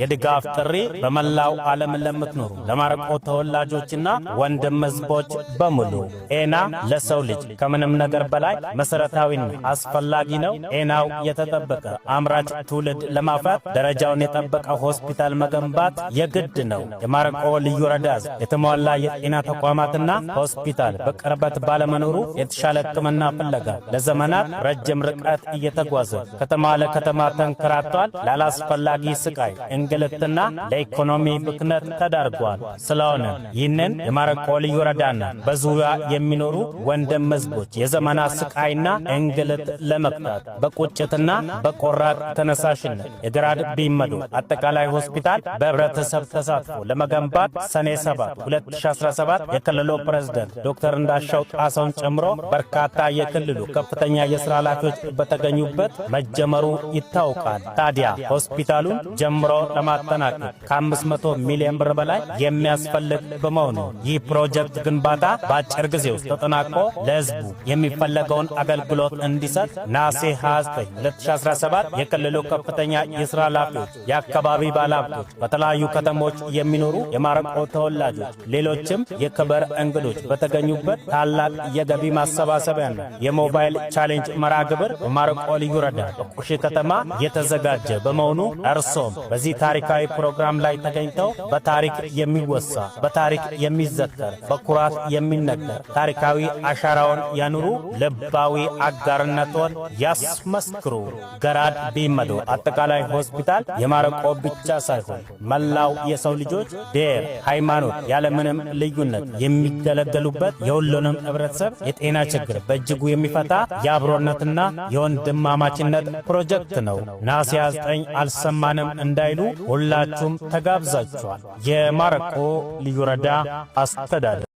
የድጋፍ ጥሪ በመላው ዓለም ለምትኖሩ ለማረቆ ተወላጆችና ወንድም ህዝቦች በሙሉ ኤና ለሰው ልጅ ከምንም ነገር በላይ መሠረታዊና አስፈላጊ ነው። ኤናው የተጠበቀ አምራች ትውልድ ለማፍራት ደረጃውን የጠበቀ ሆስፒታል መገንባት የግድ ነው። የማረቆ ልዩ ረዳዝ የተሟላ የጤና ተቋማትና ሆስፒታል በቅርበት ባለመኖሩ የተሻለ ሕክምና ፍለጋ ለዘመናት ረጅም ርቀት እየተጓዘ ከተማ ለከተማ ተንከራቷል። ላላስፈላጊ ስቃይ እንግልትና ለኢኮኖሚ ብክነት ተዳርጓል። ስለሆነ ይህንን የማረቆ ልዩ ወረዳና በዙሪያ የሚኖሩ ወንድም ሕዝቦች የዘመናት ስቃይና እንግልት ለመቅጣት በቁጭትና በቆራጥ ተነሳሽነት የግራድ ቢመዶ አጠቃላይ ሆስፒታል በህብረተሰብ ተሳትፎ ለመገንባት ሰኔ 7 2017 የክልሉ ፕሬዝደንት ዶክተር እንዳሻው ጣሰውን ጨምሮ በርካታ የክልሉ ከፍተኛ የሥራ ኃላፊዎች በተገኙበት መጀመሩ ይታወቃል። ታዲያ ሆስፒታሉን ጀምሮ ለማጠናቀቅ ከ500 ሚሊዮን ብር በላይ የሚያስፈልግ በመሆኑ ይህ ፕሮጀክት ግንባታ በአጭር ጊዜ ውስጥ ተጠናቆ ለሕዝቡ የሚፈለገውን አገልግሎት እንዲሰጥ ናሴ 29 2017 የክልሉ ከፍተኛ የሥራ ኃላፊዎች፣ የአካባቢ ባለሀብቶች፣ በተለያዩ ከተሞች የሚኖሩ የማረቆ ተወላጆች፣ ሌሎችም የክብር እንግዶች በተገኙበት ታላቅ የገቢ ማሰባሰቢያ ነው የሞባይል ቻሌንጅ መርሃ ግብር በማረቆ ልዩ ወረዳ በቁሺ ከተማ የተዘጋጀ በመሆኑ እርሶም በዚህ ታሪካዊ ፕሮግራም ላይ ተገኝተው በታሪክ የሚወሳ በታሪክ የሚዘከር በኩራት የሚነገር ታሪካዊ አሻራውን ያኑሩ፣ ልባዊ አጋርነቶን ያስመስክሩ። ገራድ ቢመዶ አጠቃላይ ሆስፒታል የማረቆ ብቻ ሳይሆን መላው የሰው ልጆች ብሔር፣ ሃይማኖት ያለምንም ልዩነት የሚገለገሉበት የሁሉንም ህብረተሰብ የጤና ችግር በእጅጉ የሚፈታ የአብሮነትና የወንድማማችነት ፕሮጀክት ነው። ናሲያ 9 አልሰማንም እንዳይ እንዳይሉ ሁላችሁም ተጋብዛችኋል። የማረቆ ልዩ ወረዳ አስተዳደር